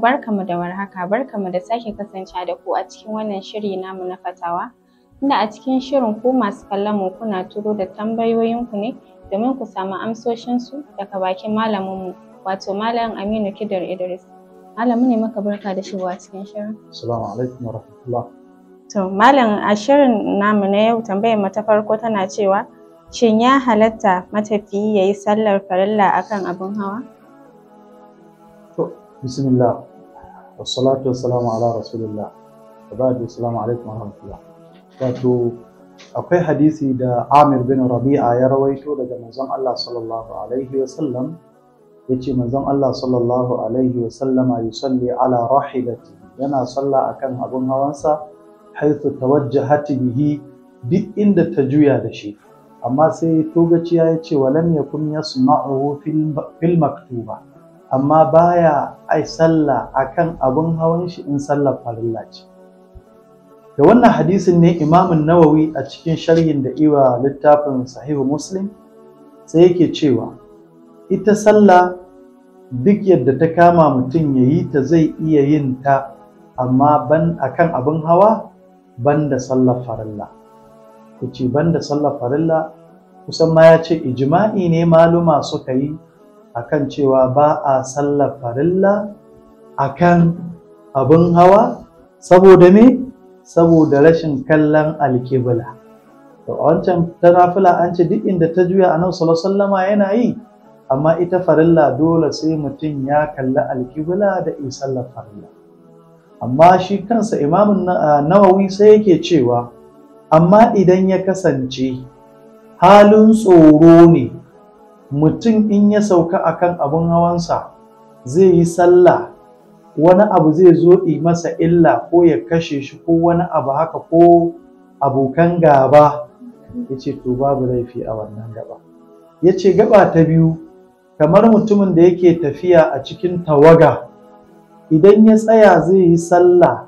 barkamu da warhaka barkamu da sake kasancewa da ku a cikin wannan shiri namu na fatawa inda a cikin shirin ku masu kallon mu kuna turo da tambayoyinku ne domin ku samu amsoshinsu daga bakin malaminmu wato malam Aminu Kidir Idris. Malamu ne maka barka da shigowa cikin shirin. Assalamu alaikum wa To malam a shirin namu na yau tambayar mu ta farko tana cewa shin ya halatta matafiyi ya yi sallar farilla akan abin hawa? To bismillah wassalatu wassalamu ala rasulillah wa ba'du assalamu alaikum warahmatullah wato akwai hadisi da amir bin rabi'a ya rawaito daga manzon Allah sallallahu alaihi sallam ya ce manzon Allah sallallahu alaihi wasallama yusalli ala rahilati yana sallah akan abun hawansa haithu tawajjahat bihi duk inda ta juya da shi amma sai togaciya ya ce walam yakun yasma'uhu fil maktuba amma baya ai sallah akan abun hawan shi in sallar farilla ce da wannan hadisin ne imamun nawawi a cikin sharhin da iwa littafin sahihu muslim sai yake cewa ita sallah duk yadda ta kama mutum ya yi ta zai iya yin ta amma ban akan abin hawa ban da sallar farilla ku ce ban da sallar farilla kusan ma ya ce ijima'i ne maluma suka yi akan cewa ba a sallar farilla akan abin hawa saboda me saboda rashin kallon alkibla to wancan ta nafila an ce duk inda ta juya annabi sallallahu sallama yana yi amma ita farilla dole sai mutum ya kalli alkibla da isallar farilla amma shi kansa imamun nawawi sai yake cewa amma idan ya kasance halin tsoro ne mutum in ya sauka akan abun hawansa zai yi sallah wani abu zai zo yi masa illa ko ya kashe shi ko wani abu haka ko abokan gaba ya ce to babu laifi a wannan gaba ya ce gaba ta biyu kamar mutumin da yake tafiya a cikin tawaga idan ya tsaya zai yi sallah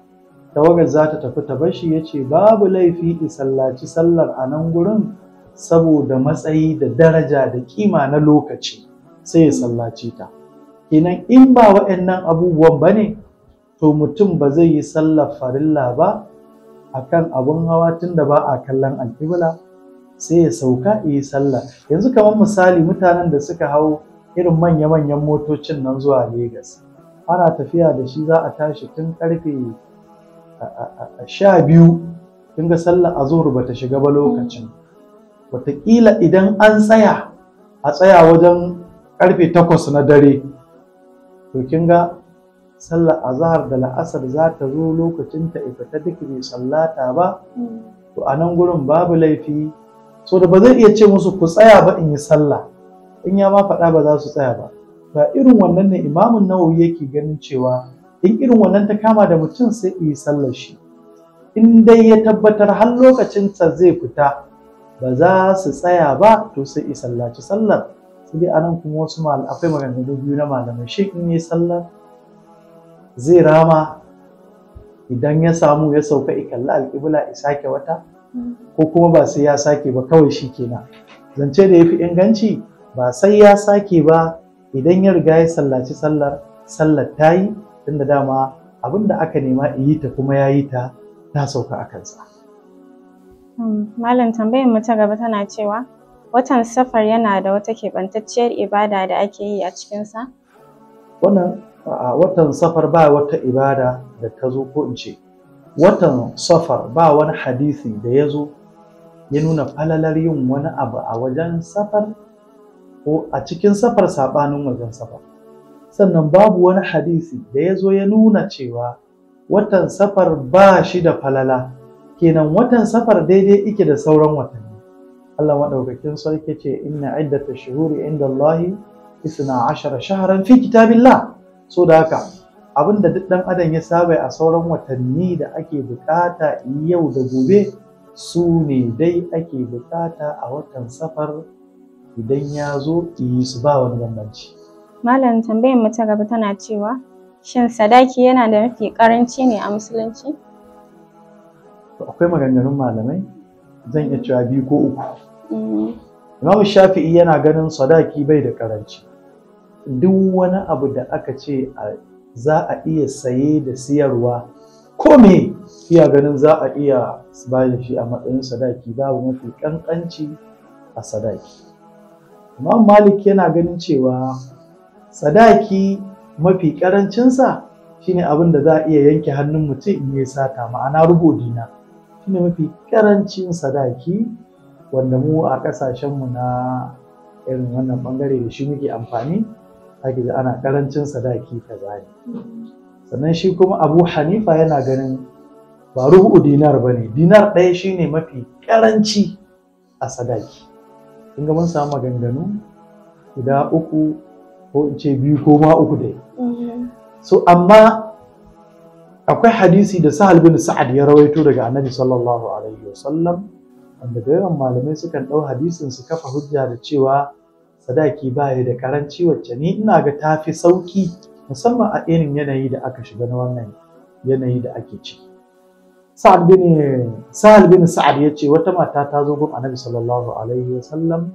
tawagar za ta tafi ta bashi ya ce babu laifi i sallaci sallar a nan gurin saboda matsayi da daraja da kima na lokaci sai ya sallaci ta. kenan in ba waɗannan abubuwan ba ne to mutum ba zai yi sallar farilla ba a kan abin hawa tun da ba a kallon alƙibla sai ya sauka yi sallah yanzu kamar misali mutanen da suka hau irin manya-manyan motocin nan zuwa Legas ana tafiya da shi za a tashi tun karfe sha biyu tun ga sallar azur ba ta shiga ba lokacin wataƙila idan an tsaya a tsaya wajen karfe takwas na dare to kin ga sallar azhar da la'asar za ta zo lokacin ta ifata duk mai sallata ba to a nan gurin babu laifi so da ba zai iya ce musu ku tsaya ba in yi sallah in ya ma faɗa ba za su tsaya ba ba irin wannan ne imamun nawawi yake ganin cewa in irin wannan ta kama da mutum sai yi sallar shi in dai ya tabbatar har lokacin ta zai fita ba za su tsaya ba to sai yi sallaci sallar sai a anan kuma wasu malamai akwai maganganu biyu na malamai shi in yi sallar zai rama idan ya samu ya sauka ikalla alƙibla ya sake wata mm. ko kuma ba sai ya sake ba kawai shi kenan zance da ya fi inganci ba sai ya sake ba idan ya riga ya sallaci sallar sallar ta yi tunda dama abin da aka nema yi ta kuma ya yi ta ta sauka a kansa. Mm. Malam tambayar mu ta gaba tana cewa Watan safar yana da wata keɓantacciyar ibada da ake yi a cikinsa? Wannan a watan safar ba wata ibada da ta zo ko in ce watan safar ba wani hadisi da ya zo ya nuna falalar yin wani abu a wajen safar ko a cikin safar saɓanin wajen safar sannan babu wani hadisi da ya zo ya nuna cewa watan safar ba shi da falala kenan watan safar daidai ike da sauran watanni Allah maɗaukakin sarki ce inna iddata shuhuri inda Allahi isna ashara shaharan fi kitabillah so da haka abin da duk ɗan adam ya saba a sauran watanni da ake bukata yau da gobe su ne dai ake bukata a watan safar idan ya zo yi su ba wani bambanci. Malam tambayar mu ta gaba tana cewa shin sadaki yana da mafi karanci ne a musulunci? Akwai maganganun malamai zan iya cewa biyu ko uku mm-hmm. imam shafi'i yana ganin sadaki bai da karanci duk wani abu da aka ce za a iya saye da siyarwa ko me iya ganin za a iya bayar shi a matsayin sadaki babu mafi kankanci a sadaki imam malik yana ganin cewa sadaki mafi karancinsa shine abin da za a iya yanke hannun mutum in ya sata ma'ana dina. shine mafi karancin sadaki wanda mu a kasashenmu na irin wannan bangare da shi muke amfani ake da ana karancin sadaki ta ne sannan shi kuma abu hanifa yana ganin ba ruhu dinar ba ne dinar ɗaya shine mafi karanci a sadaki in ga mun samu maganganu guda uku ko in ce biyu ko ma uku dai mm-hmm. so amma akwai hadisi da sahal bin sa'ad ya rawaito daga annabi sallallahu alaihi wasallam wanda da yawan malamai sukan ɗau hadisin su kafa hujja da cewa sadaki ba ya da karanci wacce ni ina ga tafi sauki musamman a irin yanayi da aka shiga na wannan yanayi da ake ci. Sahal bin sa'ad bin sa'ad ya ce wata mata ta zo gun annabi sallallahu alaihi wasallam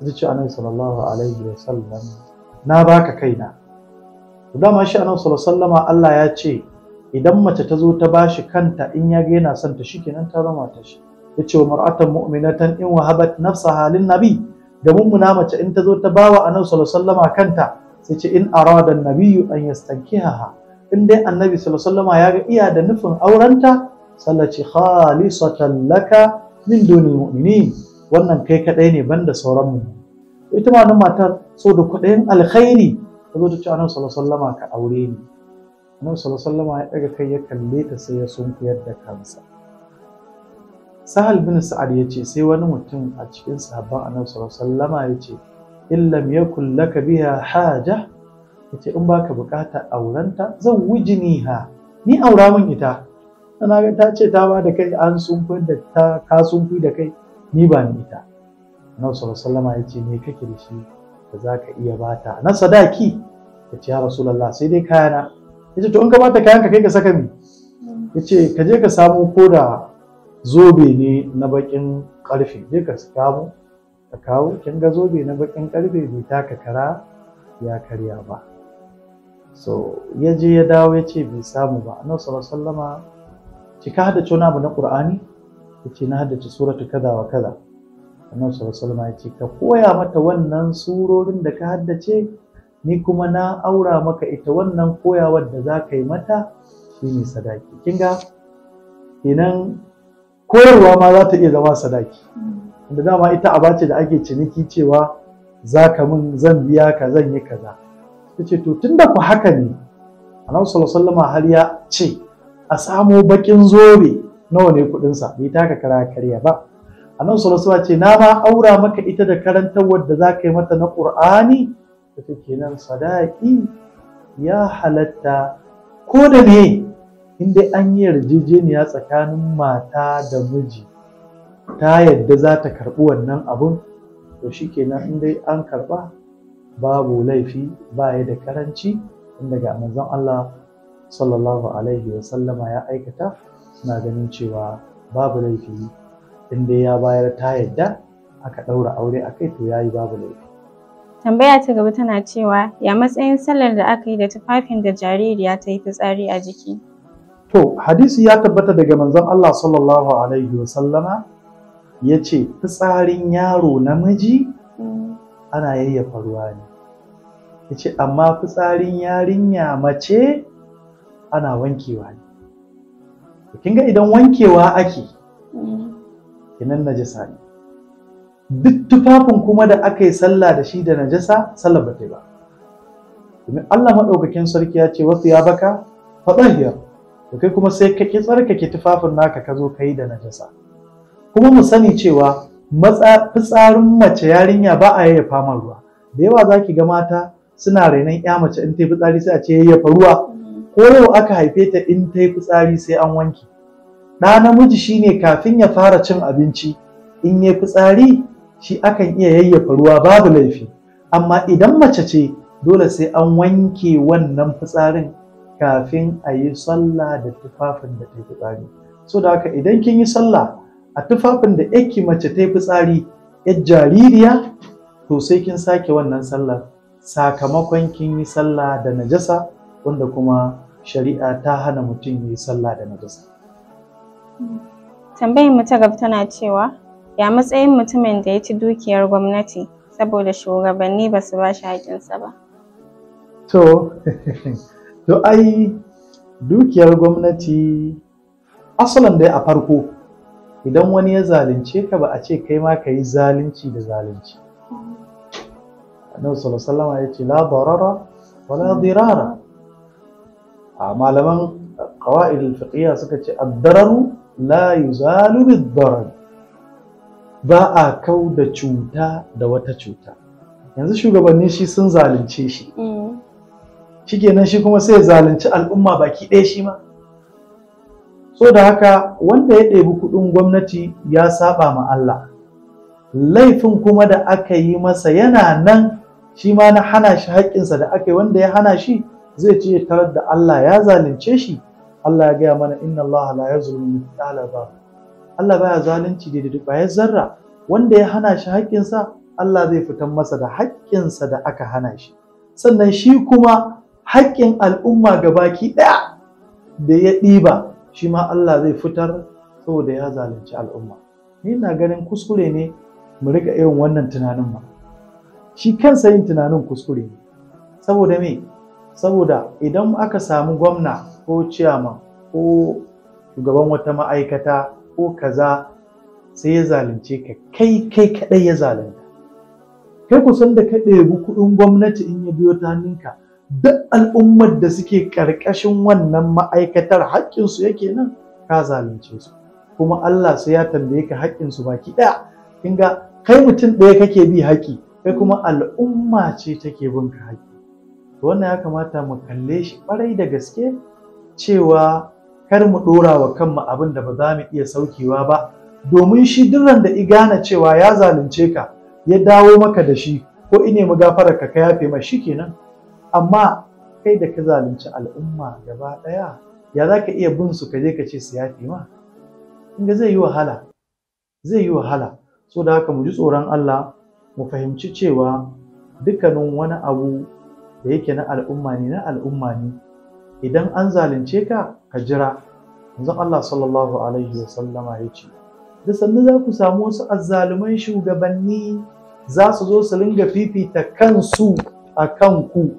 ta ce annabi sallallahu alaihi wasallam na baka kaina dama shi annabi sallallahu alaihi wasallama Allah ya ce idan mace ta zo ta bashi kanta in ya ga yana son ta shikenan ta zama ta shi ce wa mar'atan mu'minatan in wahabat nafsaha na nabi ga mummuna mace in ta zo ta bawa annabi sallallahu alaihi kanta sai ce in arada nabiyyu an yastankihaha in dai annabi sallallahu alaihi ya ga iya da nufin aurenta sallaci khalisatan laka min doni mumini wannan kai kaɗai ne banda sauran mu ita ma wannan matar so da kudayen alkhairi ta zo ta ce annabi sallallahu alaihi ka aure ni Annabi sallallahu ya ɗaga kai ya kalle ta sai ya sunkuyar da kansa. Sahal bin Sa'ad ya ce sai wani mutum a cikin sahabban Annabi sallallahu ya ce in lam yakul laka biha haja yace in baka bukata aurenta zan wujiniha ni aura min ita ana ga ta ce ta ba da kai an sunkuyar da ta ka sunkuyi da kai ni ba ni ita. Annabi sallallahu alaihi ya ce me kake da shi da za ka iya bata na sadaki ya ce ya rasulullah sai dai kayana yace to in ka bata kayan ka kai ka saka mi yace ka je ka samu koda zobe ne na bakin karfe je ka samu ka kawo kin ga zobe na bakin karfe bai taka kara ya karya ba so ya je ya dawo yace bai samu ba annabi sallallahu alaihi ki ka hada wani abu na qur'ani yace na haddace suratu kaza wa kaza annabi sallallahu alaihi wasallam ya ka koya mata wannan surorin da ka haddace ni kuma na aura maka ita wannan koyawar da za ka yi mata shi ne sadaki kinga idan koyarwa ma za ta iya zama sadaki da dama ita a bace da ake ciniki cewa za ka min zan biya ka zan yi kaza ta ce to tun da ku haka ne annabi sallallahu har ya ce a samo bakin zobe nawa ne sa bai taka kara karya ba annabi sallallahu ce na ma aura maka ita da karantar da za ka yi mata na qur'ani ta kenan sadaki ya halatta ko da me in dai an yi yarjejeniya tsakanin mata da miji ta yadda za ta karɓi wannan abun to shi kenan in dai an karɓa babu laifi ba ya da karanci inda ga manzon Allah sallallahu alaihi wa sallama ya aikata suna ganin cewa babu laifi in ya bayar ta yadda aka ɗaura aure a kai to yayi babu laifi Tambaya ta gaba tana cewa ya matsayin sallar da aka yi da tufafin da jaririya ta yi fitsari a jiki? To, hadisi ya tabbata daga manzon Allah sallallahu Alaihi wasallama ya ce fitsarin yaro namiji mm. ana yayyafa ruwa ne. Ya ce, amma fitsarin yarinya mace ana wankewa ne. Ya kinga idan wankewa ake, mm. kinan najasa ne. duk tufafin kuma da aka yi sallah da shi da najasa sallah ba ta ba domin Allah maɗaukakin sarki ya ce wasu ya baka faɗahiyar da kai kuma sai ka ki tsarkake tufafin naka ka zo ka yi da najasa kuma mu sani cewa fitsarin mace yarinya ba a yayyafa man ruwa da yawa za ki ga mata suna rainon ya mace in ta yi fitsari sai a ce yayyafa ruwa ko yau aka haife ta in ta yi fitsari sai an wanke ɗa namiji shine kafin ya fara cin abinci in ya fitsari shi akan iya yayyafa ruwa babu laifi amma idan mace ce dole sai an wanke wannan fitsarin kafin a yi sallah da tufafin da ta yi fitsari so da haka idan kin yi sallah a tufafin da yake mace ta yi fitsari ya jaririya to sai kin sake wannan sallah sakamakon kin yi sallah da najasa wanda kuma shari'a ta hana mutum yi sallah da najasa Tambayin mu ta gaba tana cewa Ya matsayin mutumin da ya ci dukiyar gwamnati saboda shugabanni ba su ba shi haƙƙinsa ba? To, to ai dukiyar gwamnati asalin dai a farko idan wani ya zalunce ka ba a ce kai ma ka yi zalunci da zalunci. Annabi sallallahu ya ce la barara wa la A malaman qawaid al suka ce ad-dararu la yuzalu bid-darar. ba a kau da cuta da wata cuta yanzu shugabanni shi sun zalunce shi mm. shikenan shi kuma sai zalunci al'umma baki ɗaya shi ma so da haka wanda ya ɗebi kuɗin gwamnati ya saba ma Allah laifin kuma da aka yi masa yana nan shi ma na hana shi haƙƙinsa da aka yi wanda ya hana shi zai ce tarar da Allah ya zalunce shi Allah ya gaya mana inna Allah la yazlimu mithqala dharra Allah baya zalunci da duk bayar zarra wanda ya hana shi haƙƙinsa Allah zai fitar masa da haƙƙinsa da aka hana shi sannan shi kuma haƙƙin al'umma gabaki ɗaya da ya ɗiba shi ma Allah zai fitar saboda ya zalunci al'umma ni na ganin kuskure ne mu rika irin wannan tunanin ma shi kansa yin tunanin kuskure ne saboda me saboda idan aka samu gwamna ko ciyama ko shugaban wata ma'aikata ko kaza sai ya zalunce ka kai kai kadai ya zalunta kai kusan da ka ɗebi kuɗin gwamnati in ya biyo ta hannunka duk al'ummar da suke ƙarƙashin wannan ma'aikatar haƙƙinsu yake nan ka zalunce su kuma Allah sai ya tambaye ka haƙƙinsu baki ɗaya kin ga kai mutum ɗaya kake bi haƙƙi kai kuma al'umma ce take bin ka haƙƙi wannan ya kamata mu kalle shi ƙwarai da gaske cewa kar mu ɗora wa kanmu abin da ba za mu iya saukewa ba domin shi duk da i gane cewa ya zalunce ka ya dawo maka da shi ko ine mu gafarar ka ka yafe ma shi kenan amma kai da ka zalunci al'umma gaba ɗaya ya za ka iya bin su ka je ka ce su yafe ma inda zai yi wahala zai yi wahala so da haka mu ji tsoron Allah mu fahimci cewa dukkanin wani abu da yake na al'umma ne na al'umma ne idan an zalunce ka ka jira yanzu Allah sallallahu alaihi wa sallama ya ce da sannu za ku samu wasu azzaluman shugabanni za su zo su ringa fifita kansu a kan ku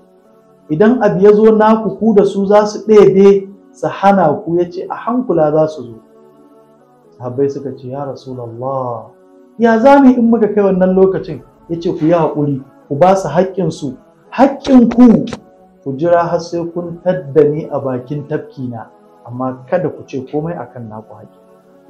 idan abu ya zo naku ku da su za su ɗebe su hana ku ya ce a hankula za su zo sahabbai suka ce ya rasulallah ya za mu in muka kai wannan lokacin ya ce ku yi haƙuri ku ba su haƙƙinsu haƙƙinku ku jira har sai kun tadda ni a bakin tafkina amma kada ku ce komai akan naku haƙi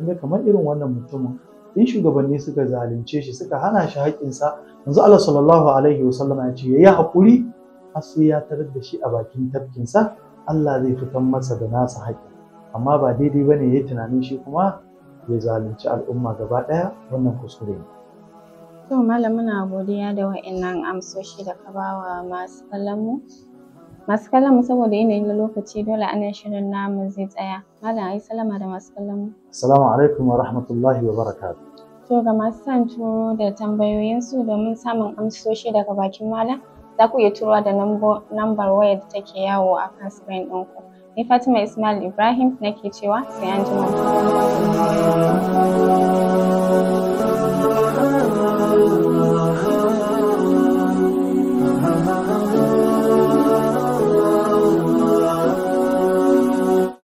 inda kamar irin wannan mutumin in shugabanni suka zalunce shi suka hana shi haƙƙinsa yanzu Allah sallallahu alaihi wasallam ya ce yayi haƙuri har sai ya tarar da shi a bakin tafkinsa Allah zai fitar masa da nasa haƙƙi amma ba daidai bane yayi tunanin shi kuma ya zalunci al'umma gaba ɗaya wannan kuskure ne to malam muna godiya da wa'annan amsoshi da ka bawa masu kallon mu Masu kallon mu saboda yanayin na lokaci dole ana shirin namu zai tsaya. Malam ayi salama da masu kallon mu. Assalamu alaikum wa rahmatullahi wa barakatuh. To ga masu san turo da tambayoyin su domin samun amsoshi daga bakin malam za ku iya turowa da lambar waya da take yawo a kan screen ku Ni Fatima Ismail Ibrahim nake cewa sai an jima.